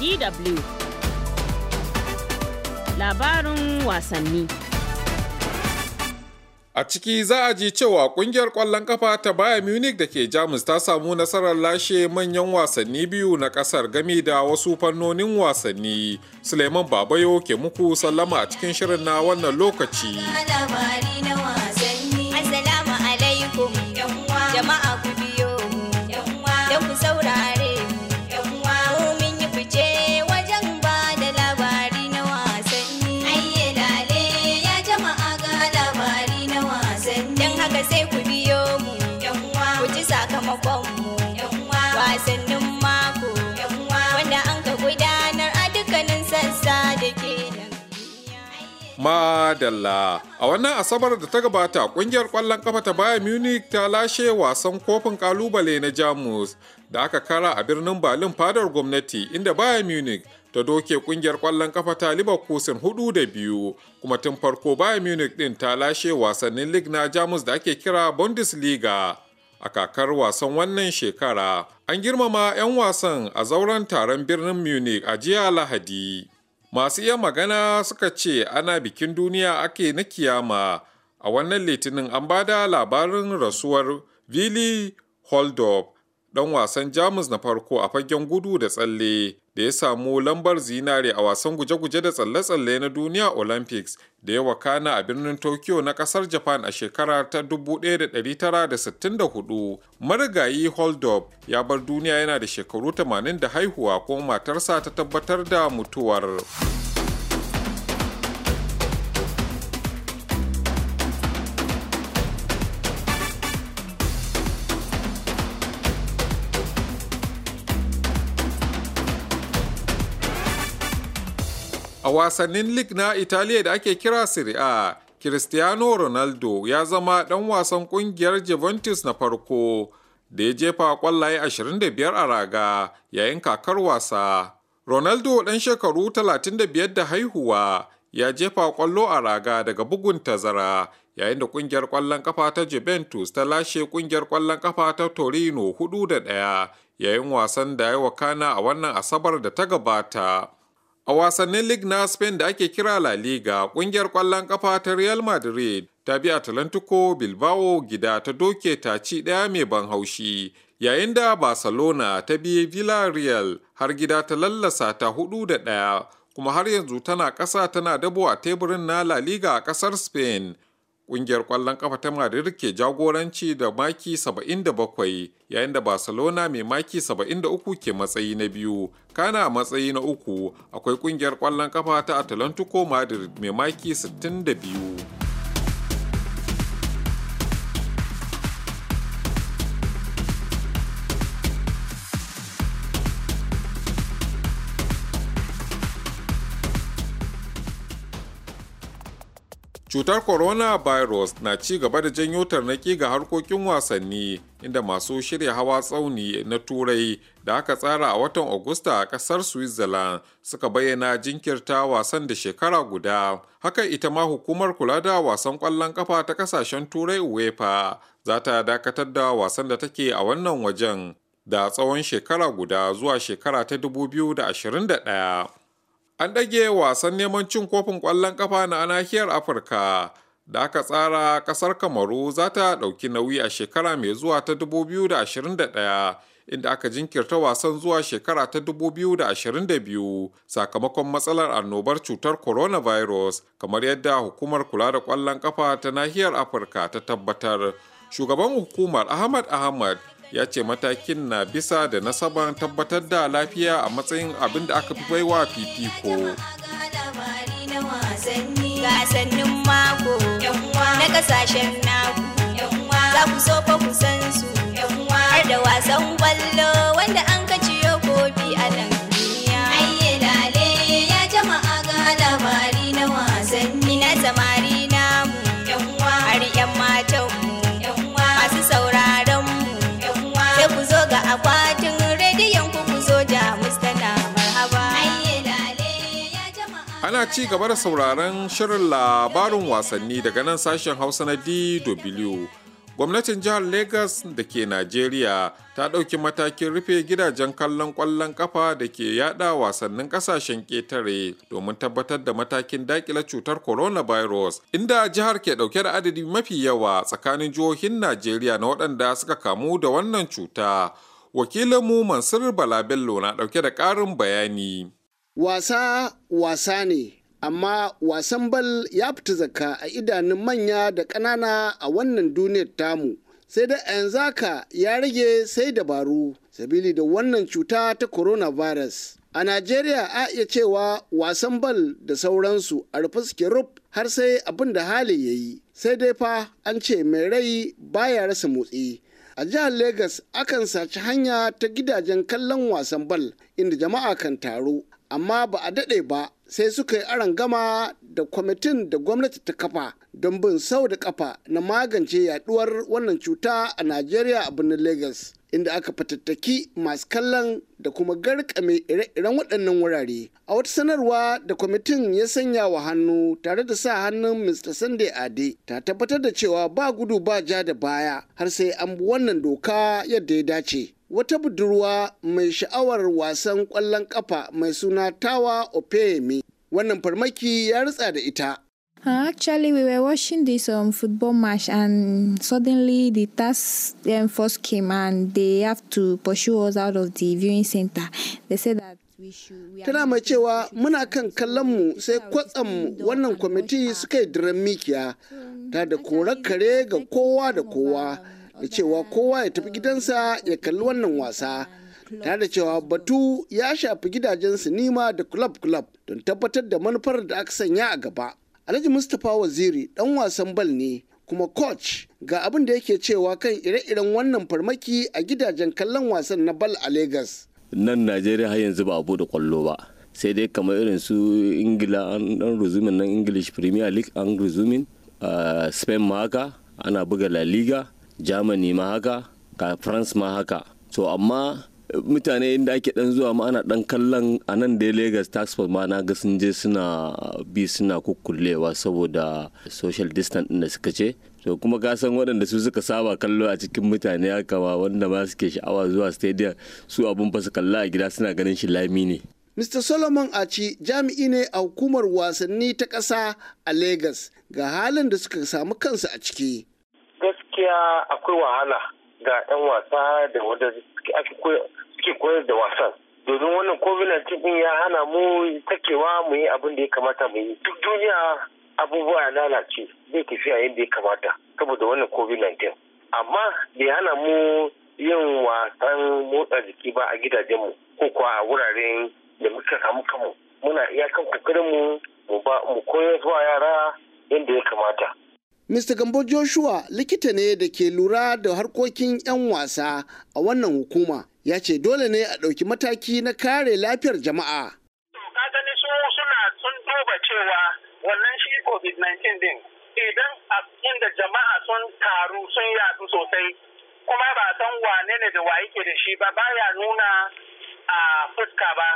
DW Labarin wasanni A ciki za a ji cewa kungiyar ƙwallon kafa ta Bayern Munich da ke Jamus ta samu nasarar lashe manyan wasanni biyu na ƙasar game da wasu fannonin wasanni. Suleiman Babayo ke muku sallama a cikin shirin na wannan lokaci. sai ku biyo mu ku ji sakamakon mu wasannin mako wanda an ka gudanar a dukkanin sassa da ke Madalla. A wannan asabar da ta gabata kungiyar ƙwallon kafa ta Bayern Munich ta lashe wasan kofin kalubale na Jamus da aka kara a birnin Berlin fadar gwamnati inda Bayern Munich ta doke kungiyar kwallon kafa ta Liverpool hudu da biyu kuma tun farko Bayern Munich din ta lashe wasannin lig na Jamus da ake kira Bundesliga a kakar wasan wannan shekara. An girmama 'yan wasan a zauren taron birnin Munich a jiya Lahadi. Masu iya magana suka ce ana bikin duniya ake na kiyama a wannan litinin an bada labarin rasuwar Vili Holdorf, ɗan wasan Jamus na farko a fagen gudu da tsalle. da ya samu lambar zinare a wasan guje-guje da tsalle-tsalle na duniya olympics da ya wakana a birnin tokyo na kasar japan a shekara ta 1964 marigayi holdup ya bar duniya yana da shekaru 80 da haihuwa kuma matarsa ta tabbatar da mutuwar. A wasannin League na Italiya da ake kira Serie A, Cristiano Ronaldo ya zama ɗan wasan ƙungiyar Juventus na farko da ya jefa ƙwallaye 25 a raga yayin kakar wasa. Ronaldo ɗan shekaru 35 da haihuwa ya jefa ƙwallo a raga daga bugun tazara yayin da ƙungiyar ƙwallon ƙafa ta Juventus ta lashe ƙungiyar ƙwallon ƙafa ta Torino 4 da 1 yayin wasan da ya wakana a wannan asabar da ta gabata. A wasannin League na Spain da ake kira La Liga, ƙungiyar ƙwallon ƙafa ta Real Madrid ta bi Atlantico Bilbao gida ta doke ta ci ɗaya mai ban haushi, yayin da Barcelona ta bi Villarreal har gida ta lallasa ta hudu da ɗaya, kuma har yanzu tana ƙasa tana dabo a teburin na La Liga a ƙasar Spain. Ƙungiyar ƙwallon ƙafa ta Madrid ke jagoranci da maki 77 yayin da Barcelona mai maki 73 ke matsayi na biyu. Kana matsayi na uku akwai ƙungiyar ƙwallon ƙafa ta Atlantico Madrid mai maki 62. cutar coronavirus na ci gaba da janyo tarnaki ga harkokin wasanni inda masu shirya hawa tsauni na turai da aka tsara a watan agusta a kasar switzerland suka bayyana jinkirta wasan da shekara guda haka ita ma hukumar kula da wasan kwallon kafa ta kasashen turai uefa za ta dakatar da wasan da take a wannan wajen da tsawon shekara guda zuwa shekara ta 2021 An ɗage wasan neman cin kofin ƙwallon ƙafa na anahiyar Afirka da aka tsara ƙasar Kamaru za ta ɗauki nauyi a shekara mai zuwa ta 2021 inda aka jinkirta wasan zuwa shekara ta 2022 sakamakon matsalar annobar cutar coronavirus kamar yadda hukumar kula da ƙwallon ƙafa ta nahiyar Afirka ta tabbatar. Shugaban hukumar Ahmad Ahmad ya ce matakin na bisa da nasaban tabbatar da lafiya a matsayin abin da aka fi baiwa fifiko. Gasannin mako na kasashen Ana ci gaba da sauraron shirin labarin wasanni daga nan sashen Hausa na DW. Gwamnatin jihar Legas da ke Najeriya ta ɗauki matakin rufe gidajen kallon ƙwallon ƙafa da ke yada wasannin ƙasashen ƙetare domin tabbatar da matakin daƙile cutar coronavirus, inda jihar ke ɗauke da adadi mafi yawa tsakanin jihohin Najeriya na waɗanda suka kamu da wannan cuta. Wakilinmu Mansur Balabello na ɗauke da ƙarin bayani. Wasa wasa ne, amma wasan bal ya fita zaka a idanun manya da ƙanana a wannan duniyar tamu. Sai da yanzu zaka ya rage sai dabaru, sabili da wannan cuta ta coronavirus. A Najeriya a iya cewa wasan bal da sauransu a rufe suke rub har sai abin da hali ya yi. Sai dai fa an ce mai rai baya rasa motsi. A jihar Legas akan saci hanya ta gidajen kallon wasan bal inda jama'a kan taro. amma ba a daɗe ba sai suka yi aron gama da kwamitin da gwamnati ta kafa don bin sau da kafa na magance yaduwar wannan cuta a najeriya a birnin lagos inda aka fatattaki masu kallon da kuma garkame ire-iren waɗannan wurare a wata sanarwa da kwamitin ya sanya wa hannu tare da sa hannun mr sunday ade ta tabbatar da cewa ba gudu ba ja da baya har sai an bi wannan doka yadda ya dace wata budurwa mai sha'awar wasan ƙwallon ƙafa mai suna Tawa Opeyemi. Wannan farmaki ya ritsa da ita. Uh, actually, we were watching this um, football match, and suddenly the task um, force came and they have to pursue us out of the viewing center. They said that. Tana mai cewa muna kan kallonmu sai kwatsam wannan kwamiti suka yi diran mikiya ta da korar kare ga kowa da kowa. da cewa kowa ya tafi gidansa ya kalli wannan wasa tare da cewa batu ya shafi gidajen sinima da club-club don tabbatar da manufar da aka sanya a gaba alhaji mustapha waziri dan wasan bal ne kuma coach ga abin da yake cewa kan ire-iren wannan farmaki a gidajen kallon wasan na bal a lagos nan najeriya har yanzu ba a bude kwallo ba sai dai kamar irin su ingila an ruzumin nan english premier league an ruzumin ah, spain ma haka ana buga la liga germany ma haka ka france ma haka to amma mutane inda ake dan zuwa ma ana dan kallon a nan dai lagos tax ma na ga sun je suna bi suna kukkullewa saboda social distance din da suka ce to kuma ka san waɗanda su suka saba kallo a cikin mutane haka ma wanda ma suke sha'awa zuwa stadium su abun fa su kalla a gida suna ganin shi lami ne Mr. Solomon Aci jami'i ne a hukumar wasanni ta ƙasa a lagos ga halin da suka samu kansu a ciki. gaskiya akwai wahala ga 'yan wasa da wanda suke koyar da wasan domin wannan covid-19 ya hana mu takewa mu yi abin da ya kamata mu yi duk duniya abubuwa ya lalace zai tafiya yadda ya kamata saboda wannan covid-19 amma bai hana mu yin wasan motsa jiki ba a gidajenmu ko kuwa a wuraren da muka samu kanmu muna iyakan kokarinmu mu koyar zuwa yara yadda ya kamata Mr. Gambo Joshua likita ne da ke lura da harkokin 'yan wasa a wannan hukuma ya ce dole ne a ɗauki mataki na kare lafiyar jama'a. To ka gani su suna sun duba cewa wannan shi COVID-19 din idan a inda jama'a sun taru sun yadu sosai kuma ba san wane ne da wa yake da shi ba baya nuna a fuska ba.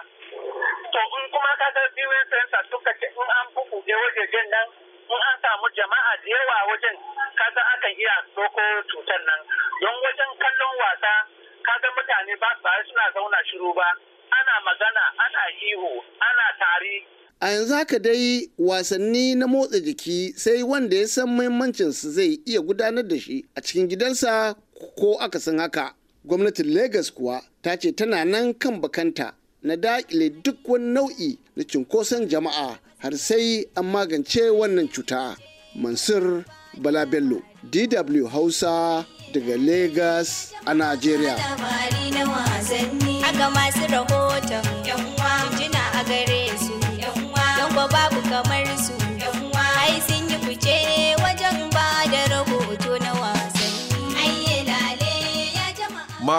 To in kuma ka ga biyu sensa suka ce in an bugu je wajejen nan in an samu jama'a da yawa wajen kaga akan iya soko cutar nan don wajen kallon wasa kaga mutane ba su suna zauna shiru ba ana magana ana ihu ana tari a yanzu haka dai wasanni na motsa jiki sai wanda ya san su zai iya gudanar da shi a cikin gidansa ko akasin haka gwamnatin Legas kuwa ta ce tana nan kan bakanta na daƙile duk wani nau'i na cunkoson jama'a har sai an magance wannan cuta. Mansur Bala Bello, DW Hausa daga lagos a nigeria. kamar su.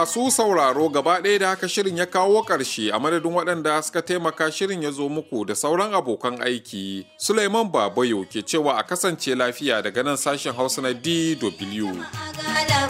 Masu sauraro gaba ɗaya da haka shirin ya kawo ƙarshe a madadin waɗanda suka taimaka shirin ya zo muku da sauran abokan aiki. Suleiman Babayo ke cewa a kasance lafiya daga nan sashen Hausa na DW.